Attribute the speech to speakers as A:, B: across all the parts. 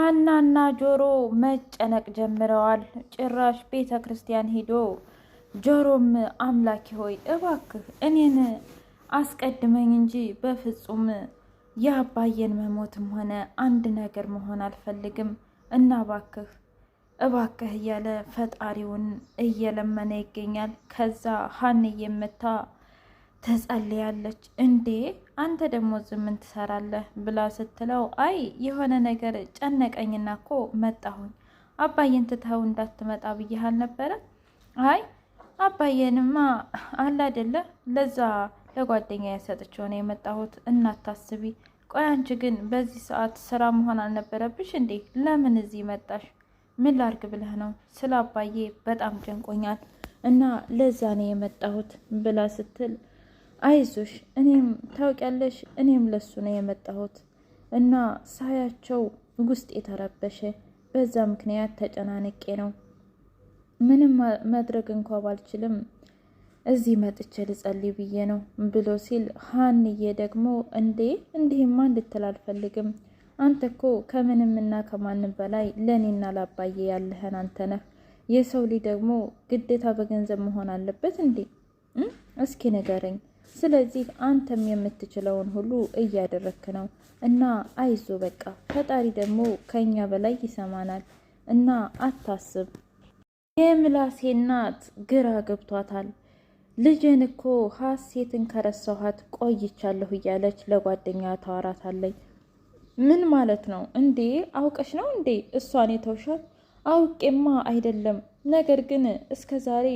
A: ሀናና ጆሮ መጨነቅ ጀምረዋል። ጭራሽ ቤተ ክርስቲያን ሂዶ ጆሮም አምላኬ ሆይ እባክህ እኔን አስቀድመኝ እንጂ በፍጹም የአባየን መሞትም ሆነ አንድ ነገር መሆን አልፈልግም እና እባክህ እባክህ እያለ ፈጣሪውን እየለመነ ይገኛል። ከዛ ሀን የምታ ተጸልያለች። እንዴ አንተ ደግሞ ዝምን ትሰራለህ ብላ ስትለው አይ የሆነ ነገር ጨነቀኝና እኮ መጣሁኝ። አባዬን ትተኸው እንዳትመጣ ብዬህ አልነበረ? አይ አባዬንማ አይደለ ለዛ ለጓደኛ ያሰጥችው ነው የመጣሁት። እናታስቢ ቆይ አንቺ ግን በዚህ ሰዓት ስራ መሆን አልነበረብሽ እንዴ? ለምን እዚህ መጣሽ? ምን ላርግ ብለህ ነው? ስለ አባዬ በጣም ጨንቆኛል እና ለዛ ነው የመጣሁት ብላ ስትል አይዞሽ፣ እኔም ታውቂያለሽ፣ እኔም ለሱ ነው የመጣሁት እና ሳያቸው ውስጥ የተረበሸ በዛ ምክንያት ተጨናንቄ ነው። ምንም መድረግ እንኳ ባልችልም እዚህ መጥቼ ልጸልይ ብዬ ነው ብሎ ሲል ሀንዬ ደግሞ እንዴ እንዲህማ እንድትል አልፈልግም። አንተ እኮ ከምንም እና ከማንም በላይ ለእኔና ላባዬ ያለህን አንተ ነህ። የሰው ልጅ ደግሞ ግዴታ በገንዘብ መሆን አለበት እንዴ? እስኪ ንገረኝ። ስለዚህ አንተም የምትችለውን ሁሉ እያደረክ ነው እና አይዞ በቃ ፈጣሪ ደግሞ ከእኛ በላይ ይሰማናል እና አታስብ። የምላሴ እናት ግራ ገብቷታል። ልጅን እኮ ሀሴትን ከረሳኋት ቆይቻለሁ እያለች ለጓደኛ ታወራታለች። ምን ማለት ነው እንዴ? አውቀሽ ነው እንዴ እሷን የተውሻት? አውቄማ አይደለም ነገር ግን እስከ ዛሬ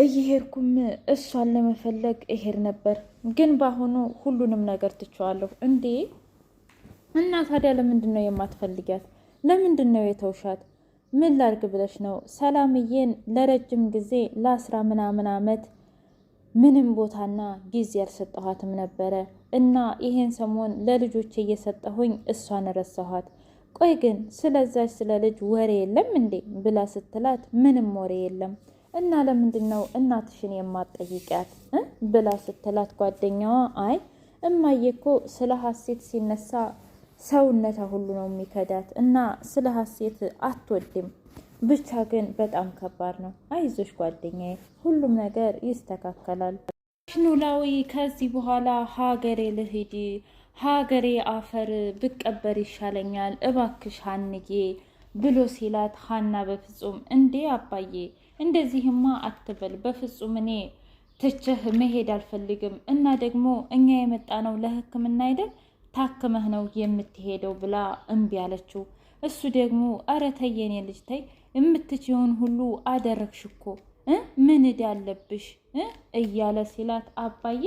A: እየሄድኩም እሷን ለመፈለግ እሄድ ነበር፣ ግን በአሁኑ ሁሉንም ነገር ትችዋለሁ። እንዴ እና ታዲያ ለምንድን ነው የማትፈልጊያት? ለምንድን ነው የተውሻት? ምን ላርግ ብለሽ ነው? ሰላምዬን ለረጅም ጊዜ ለአስራ ምናምን ዓመት ምንም ቦታና ጊዜ ያልሰጠኋትም ነበረ እና ይሄን ሰሞን ለልጆች እየሰጠሁኝ እሷን ረሳኋት። ቆይ ግን ስለዛች ስለ ልጅ ወሬ የለም እንዴ ብላ ስትላት ምንም ወሬ የለም እና ለምንድን ነው እናትሽን የማጠይቂያት ብላ ስትላት ጓደኛዋ አይ እማዬ እኮ ስለ ሀሴት ሲነሳ ሰውነቷ ሁሉ ነው የሚከዳት እና ስለ ሀሴት አትወድም። ብቻ ግን በጣም ከባድ ነው። አይዞሽ ጓደኛዬ፣ ሁሉም ነገር ይስተካከላል። ኖላዊ ከዚህ በኋላ ሀገሬ ልሂድ፣ ሀገሬ አፈር ብቀበር ይሻለኛል፣ እባክሽ ሀንዬ ብሎ ሲላት ሀና በፍጹም እንዴ አባዬ እንደዚህማ አትበል፣ በፍጹም እኔ ትችህ መሄድ አልፈልግም። እና ደግሞ እኛ የመጣ ነው ለህክምና አይደል ታክመህ ነው የምትሄደው ብላ እምቢ አለችው። እሱ ደግሞ ኧረ ተይ የኔ ልጅ ተይ፣ የምትችውን ሁሉ አደረግሽ እኮ ምን ዕዳ አለብሽ እያለ ሲላት፣ አባዬ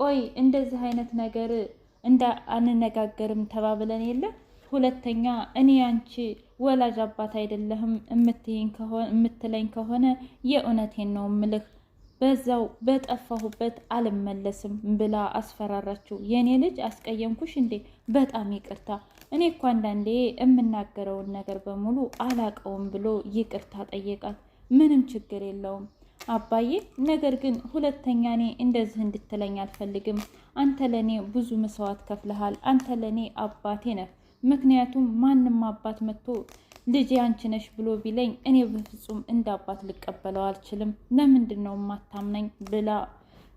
A: ቆይ እንደዚህ አይነት ነገር እንደ አንነጋገርም ተባብለን የለም ሁለተኛ እኔ አንቺ ወላጅ አባት አይደለህም የምትለኝ ከሆነ የእውነቴን ነው ምልህ በዛው በጠፋሁበት አልመለስም ብላ አስፈራራችው። የእኔ ልጅ አስቀየምኩሽ እንዴ? በጣም ይቅርታ። እኔ እኮ አንዳንዴ የምናገረውን ነገር በሙሉ አላቀውም ብሎ ይቅርታ ጠየቃት። ምንም ችግር የለውም አባዬ፣ ነገር ግን ሁለተኛ እኔ እንደዚህ እንድትለኝ አልፈልግም። አንተ ለእኔ ብዙ መስዋዕት ከፍለሃል። አንተ ለእኔ አባቴ ነህ። ምክንያቱም ማንም አባት መጥቶ ልጅ አንቺ ነሽ ብሎ ቢለኝ እኔ በፍጹም እንደ አባት ልቀበለው አልችልም። ለምንድን ነው የማታምነኝ ብላ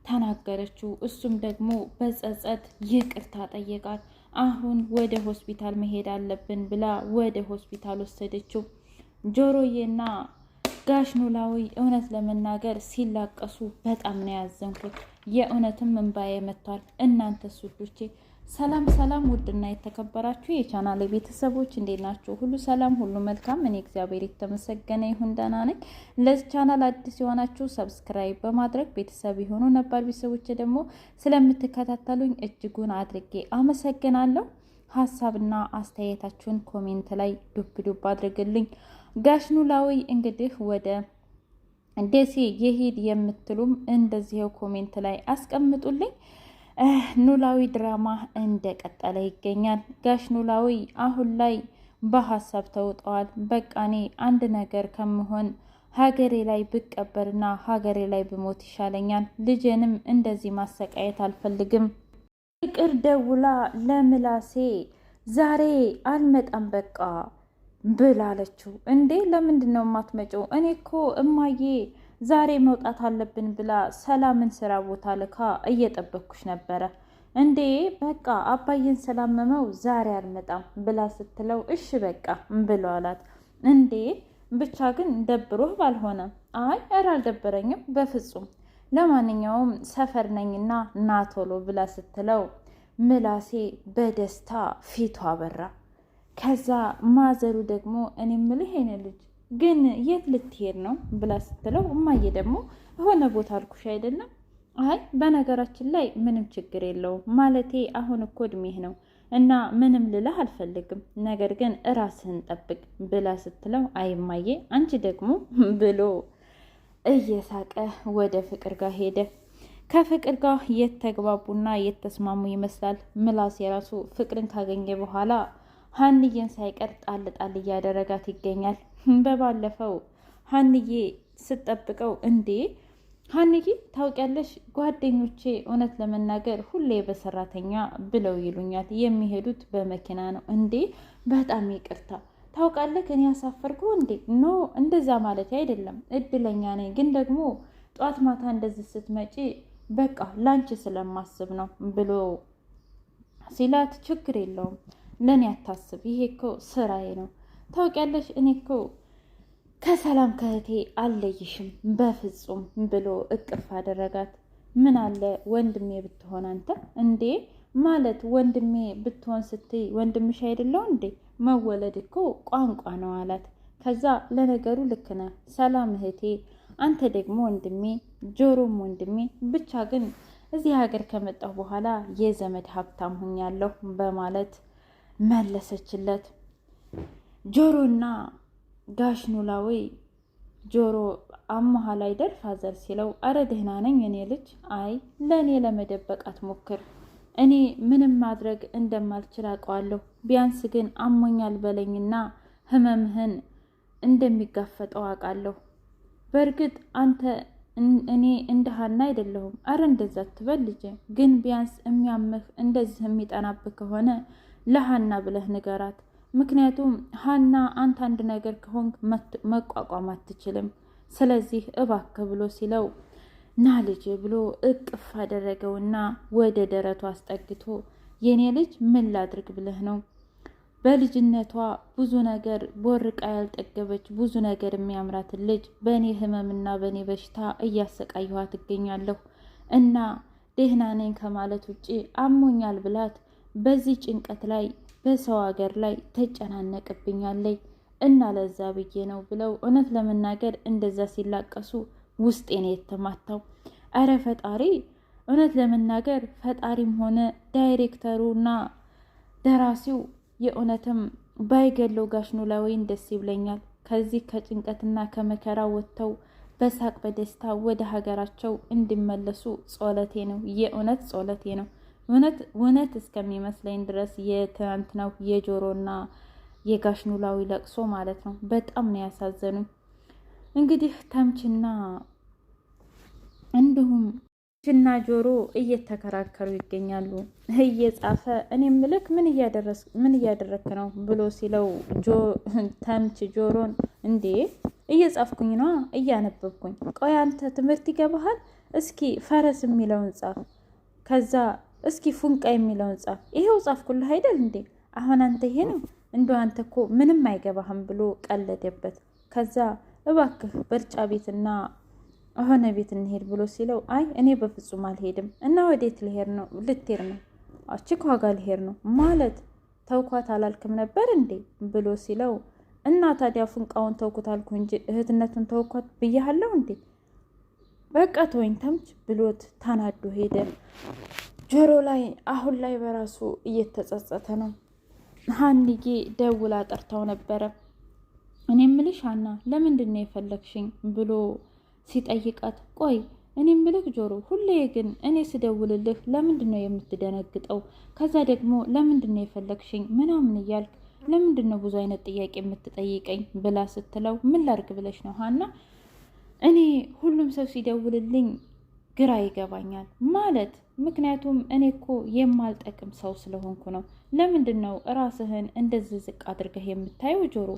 A: ተናገረችው። እሱም ደግሞ በጸጸት ይቅርታ ጠየቃት። አሁን ወደ ሆስፒታል መሄድ አለብን ብላ ወደ ሆስፒታል ወሰደችው። ጆሮዬና ጋሽ ኖላዊ እውነት ለመናገር ሲላቀሱ በጣም ነው ያዘንኩት። የእውነትም እንባዬ መጥቷል። እናንተ ሱዶቼ ሰላም ሰላም፣ ውድና የተከበራችሁ የቻናል ቤተሰቦች እንዴት ናችሁ? ሁሉ ሰላም፣ ሁሉ መልካም። እኔ እግዚአብሔር የተመሰገነ ይሁን ደህና ነኝ። ለዚህ ቻናል አዲስ የሆናችሁ ሰብስክራይብ በማድረግ ቤተሰብ የሆኑ ነባር ቤተሰቦች ደግሞ ስለምትከታተሉኝ እጅጉን አድርጌ አመሰግናለሁ። ሀሳብና አስተያየታችሁን ኮሜንት ላይ ዱብ ዱብ አድርግልኝ። ጋሽ ኖላዊ እንግዲህ ወደ ደሴ የሄድ የምትሉም እንደዚህው ኮሜንት ላይ አስቀምጡልኝ። ኖላዊ ድራማ እንደቀጠለ ይገኛል። ጋሽ ኖላዊ አሁን ላይ በሀሳብ ተውጠዋል። በቃ እኔ አንድ ነገር ከምሆን ሀገሬ ላይ ብቀበርና ሀገሬ ላይ ብሞት ይሻለኛል። ልጄንም እንደዚህ ማሰቃየት አልፈልግም። ፍቅር ደውላ ለምላሴ ዛሬ አልመጣም በቃ ብላለችው። እንዴ ለምንድን ነው የማትመጪው? እኔ እኮ እማዬ ዛሬ መውጣት አለብን ብላ ሰላምን ስራ ቦታ ልካ እየጠበኩሽ ነበረ። እንዴ በቃ አባዬን ስላመመው ዛሬ አልመጣም ብላ ስትለው እሺ በቃ ብሎ አላት። እንዴ ብቻ ግን ደብሮህ ባልሆነ? አይ እረ አልደበረኝም በፍጹም ለማንኛውም ሰፈር ነኝና ናቶሎ ብላ ስትለው ምላሴ በደስታ ፊቱ አበራ። ከዛ ማዘሩ ደግሞ እኔ ምልህ ይሄን ልጅ ግን የት ልትሄድ ነው ብላ ስትለው እማዬ ደግሞ የሆነ ቦታ አልኩሽ አይደለም። አይ በነገራችን ላይ ምንም ችግር የለውም ማለቴ አሁን እኮ እድሜህ ነው እና ምንም ልልህ አልፈልግም፣ ነገር ግን እራስህን ጠብቅ ብላ ስትለው አይ እማዬ አንቺ ደግሞ ብሎ እየሳቀ ወደ ፍቅር ጋር ሄደ። ከፍቅር ጋር የተግባቡና የተስማሙ ይመስላል። ምላስ የራሱ ፍቅርን ካገኘ በኋላ ሀንዬን ሳይቀር ጣል ጣል እያደረጋት ይገኛል። በባለፈው ሀንዬ ስጠብቀው እንዴ ሀንዬ ታውቂያለሽ፣ ጓደኞቼ እውነት ለመናገር ሁሌ በሰራተኛ ብለው ይሉኛል። የሚሄዱት በመኪና ነው እንዴ? በጣም ይቅርታ ታውቃለህ፣ እኔ ያሳፈርኩ እንዴ? ኖ እንደዛ ማለት አይደለም። እድለኛ ነኝ፣ ግን ደግሞ ጠዋት ማታ እንደዚህ ስትመጪ በቃ ላንቺ ስለማስብ ነው ብሎ ሲላት፣ ችግር የለውም ለእኔ አታስብ፣ ይሄ እኮ ስራዬ ነው ታውቂያለሽ፣ እኔ እኮ ከሰላም ከእህቴ አለይሽም በፍጹም ብሎ እቅፍ አደረጋት። ምን አለ ወንድሜ ብትሆን አንተ እንዴ ማለት ወንድሜ ብትሆን ስትይ ወንድምሽ አይደለው እንዴ? መወለድ እኮ ቋንቋ ነው አላት። ከዛ ለነገሩ ልክ ነህ ሰላም እህቴ፣ አንተ ደግሞ ወንድሜ፣ ጆሮም ወንድሜ፣ ብቻ ግን እዚህ ሀገር ከመጣሁ በኋላ የዘመድ ሀብታም ሁኛለሁ በማለት መለሰችለት። ጆሮና ጋሽ ኖላዊ ጆሮ ላይ አይደል ፋዘር ሲለው፣ አረ ደህና ነኝ እኔ ልጅ። አይ ለእኔ ለመደበቅ አትሞክር፣ እኔ ምንም ማድረግ እንደማልችል አውቀዋለሁ። ቢያንስ ግን አሞኛል በለኝና ህመምህን እንደሚጋፈጠው አውቃለሁ። በእርግጥ አንተ እኔ እንደ ሀና አይደለሁም። አረ እንደዛ ትበል ልጄ። ግን ቢያንስ የሚያምህ እንደዚህ የሚጠናብህ ከሆነ ለሀና ብለህ ንገራት ምክንያቱም ሀና አንተ አንድ ነገር ከሆንክ መቋቋም አትችልም። ስለዚህ እባክህ ብሎ ሲለው ና ልጅ ብሎ እቅፍ አደረገውና ወደ ደረቱ አስጠግቶ የኔ ልጅ ምን ላድርግ ብለህ ነው? በልጅነቷ ብዙ ነገር ቦርቃ ያልጠገበች ብዙ ነገር የሚያምራትን ልጅ በእኔ ህመምና በእኔ በሽታ እያሰቃየኋ ትገኛለሁ እና ደህና ነኝ ከማለት ውጪ አሞኛል ብላት በዚህ ጭንቀት ላይ በሰው ሀገር ላይ ተጨናነቅብኛለይ እና ለዛ ብዬ ነው ብለው እውነት ለመናገር እንደዛ ሲላቀሱ ውስጤ ነው የተማታው አረ ፈጣሪ እውነት ለመናገር ፈጣሪም ሆነ ዳይሬክተሩና ደራሲው የእውነትም ባይገለው ጋሽ ኖላዊን ደስ ይብለኛል። ከዚህ ከጭንቀትና ከመከራ ወጥተው በሳቅ በደስታ ወደ ሀገራቸው እንዲመለሱ ጾለቴ ነው፣ የእውነት ጾለቴ ነው። እውነት እውነት እስከሚመስለኝ ድረስ የትናንትናው የጆሮና የጋሽ ኖላዊ ለቅሶ ማለት ነው በጣም ነው ያሳዘኑኝ። እንግዲህ ተምችና እንዲሁም ችና ጆሮ እየተከራከሩ ይገኛሉ። እየጻፈ እኔ ምልክ ምን እያደረክ ነው ብሎ ሲለው ተምች ጆሮን እንዴ እየጻፍኩኝ ነዋ እያነበብኩኝ። ቆይ አንተ ትምህርት ይገባሃል? እስኪ ፈረስ የሚለውን ጻፍ ከዛ እስኪ ፉንቃ የሚለውን ጻፍ። ይሄው ጻፍኩልህ አይደል እንዴ? አሁን አንተ ነው እንደ አንተ እኮ ምንም አይገባህም ብሎ ቀለደበት። ከዛ እባክህ በርጫ ቤትና ሆነ ቤት እንሄድ ብሎ ሲለው አይ እኔ በፍጹም አልሄድም። እና ወዴት ልሄድ ነው? ልትሄድ ነው? አችክ ዋጋ ልሄድ ነው ማለት ተውኳት አላልክም ነበር እንዴ ብሎ ሲለው እና ታዲያ ፉንቃውን ተውኩት አልኩ እንጂ እህትነቱን ተውኳት ብያሃለሁ እንዴ? በቃ ተወኝ ተምች ብሎት ተናዶ ሄደ። ጆሮ ላይ አሁን ላይ በራሱ እየተጸጸተ ነው። ሀንዬ ደውላ ጠርታው ነበረ። እኔ ምልሽ ሀና ለምንድን ነው የፈለግሽኝ ብሎ ሲጠይቃት፣ ቆይ እኔ ምልክ ጆሮ፣ ሁሌ ግን እኔ ስደውልልህ ለምንድን ነው የምትደነግጠው? ከዛ ደግሞ ለምንድን ነው የፈለግሽኝ ምናምን እያልክ ለምንድን ነው ብዙ አይነት ጥያቄ የምትጠይቀኝ ብላ ስትለው፣ ምን ላርግ ብለሽ ነው ሀና እኔ ሁሉም ሰው ሲደውልልኝ ግራ ይገባኛል ማለት ምክንያቱም እኔ እኮ የማልጠቅም ሰው ስለሆንኩ ነው። ለምንድን ነው ራስህን እንደዚህ ዝቅ አድርገህ የምታየው? ጆሮ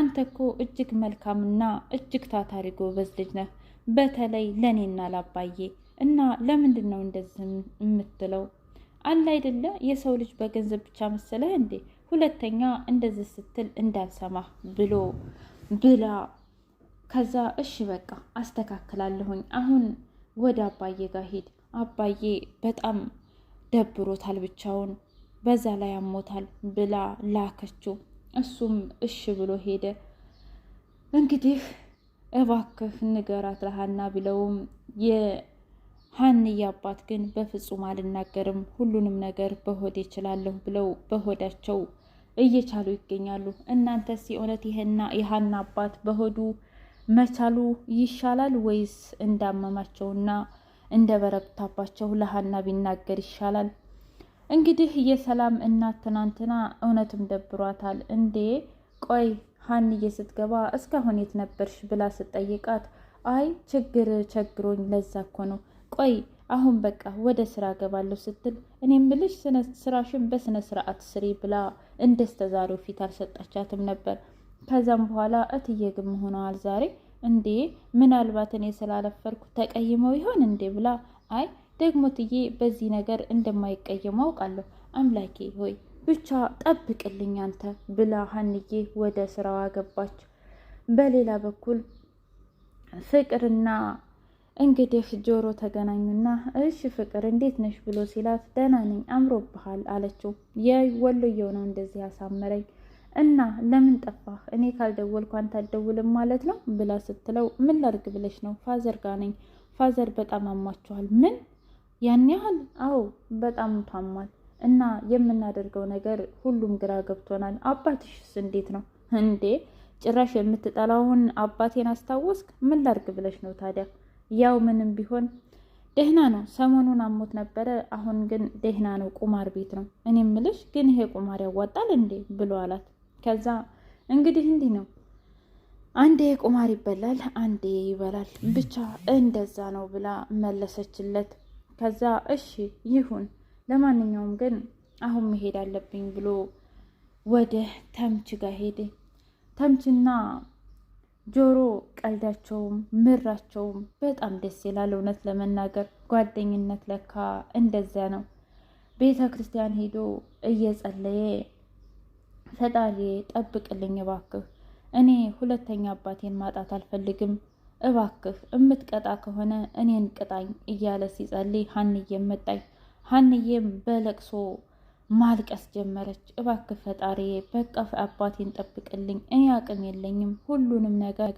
A: አንተ እኮ እጅግ መልካምና እጅግ ታታሪ ጎበዝ ልጅ ነህ፣ በተለይ ለእኔና ላባዬ እና ለምንድን ነው እንደዚህ የምትለው? አለ አይደለ የሰው ልጅ በገንዘብ ብቻ መሰለህ እንዴ? ሁለተኛ እንደዚህ ስትል እንዳልሰማህ ብሎ ብላ ከዛ እሺ በቃ አስተካክላለሁኝ አሁን ወደ አባዬ ጋር ሂድ፣ አባዬ በጣም ደብሮታል ብቻውን፣ በዛ ላይ አሞታል ብላ ላከችው። እሱም እሽ ብሎ ሄደ። እንግዲህ እባክህ ንገራት ለሀና ቢለውም የሀንዬ አባት ግን በፍጹም አልናገርም፣ ሁሉንም ነገር በሆድ ይችላለሁ ብለው በሆዳቸው እየቻሉ ይገኛሉ። እናንተስ የእውነት ይህና የሀና አባት በሆዱ መቻሉ ይሻላል ወይስ እንዳመማቸውና እንደበረብታባቸው ለሀና ቢናገር ይሻላል? እንግዲህ የሰላም እናት ትናንትና እውነትም ደብሯታል። እንዴ ቆይ ሀንዬ ስትገባ እስካሁን የት ነበርሽ ብላ ስትጠይቃት፣ አይ ችግር ቸግሮኝ ለዛ እኮ ነው። ቆይ አሁን በቃ ወደ ስራ ገባለሁ ስትል፣ እኔ ምልሽ ስራሽን በስነ ስርዓት ስሪ ብላ እንደስተዛሬው ፊት አልሰጣቻትም ነበር። ከዛም በኋላ እትዬ ግም ሆነዋል ዛሬ እንዴ ምናልባት እኔ ስላልፈርኩ ተቀይመው ይሆን እንዴ ብላ አይ ደግሞ ትዬ በዚህ ነገር እንደማይቀየሙ አውቃለሁ። አምላኬ ሆይ ብቻ ጠብቅልኝ አንተ ብላ ሀንዬ ወደ ስራዋ ገባች። በሌላ በኩል ፍቅርና እንግዲህ ጆሮ ተገናኙና እሺ ፍቅር እንዴት ነሽ ብሎ ሲላት ደህና ነኝ አምሮብሃል አለችው። የወሎየው ነው እንደዚህ ያሳመረኝ እና ለምን ጠፋህ? እኔ ካልደወልኩ አንተ አትደውልም ማለት ነው ብላ ስትለው ምን ላድርግ ብለሽ ነው? ፋዘር ጋነኝ ነኝ። ፋዘር በጣም አሟቸዋል። ምን ያን ያህል? አዎ በጣም ታሟል። እና የምናደርገው ነገር ሁሉም ግራ ገብቶናል። አባትሽስ እንዴት ነው እንዴ? ጭራሽ የምትጠላውን አባቴን አስታወስክ? ምን ላድርግ ብለሽ ነው ታዲያ? ያው ምንም ቢሆን ደህና ነው። ሰሞኑን አሞት ነበረ። አሁን ግን ደህና ነው። ቁማር ቤት ነው። እኔ ምልሽ ግን ይሄ ቁማር ያዋጣል እንዴ? ብሎ አላት። ከዛ እንግዲህ እንዲህ ነው አንዴ ቁማር ይበላል፣ አንዴ ይበላል፣ ብቻ እንደዛ ነው ብላ መለሰችለት። ከዛ እሺ ይሁን፣ ለማንኛውም ግን አሁን መሄድ አለብኝ ብሎ ወደ ተምች ጋር ሄደ። ተምችና ጆሮ ቀልዳቸውም ምራቸውም በጣም ደስ ይላል። እውነት ለመናገር ጓደኝነት ለካ እንደዚያ ነው። ቤተ ክርስቲያን ሄዶ እየጸለየ ፈጣሪ ጠብቅልኝ እባክህ። እኔ ሁለተኛ አባቴን ማጣት አልፈልግም። እባክህ እምትቀጣ ከሆነ እኔን ቅጣኝ እያለ ሲጸልይ ሀንዬም መጣኝ። ሀንዬም በለቅሶ ማልቀስ ጀመረች። እባክህ ፈጣሪ በቃ አባቴን ጠብቅልኝ፣ እኔ አቅም የለኝም ሁሉንም ነገር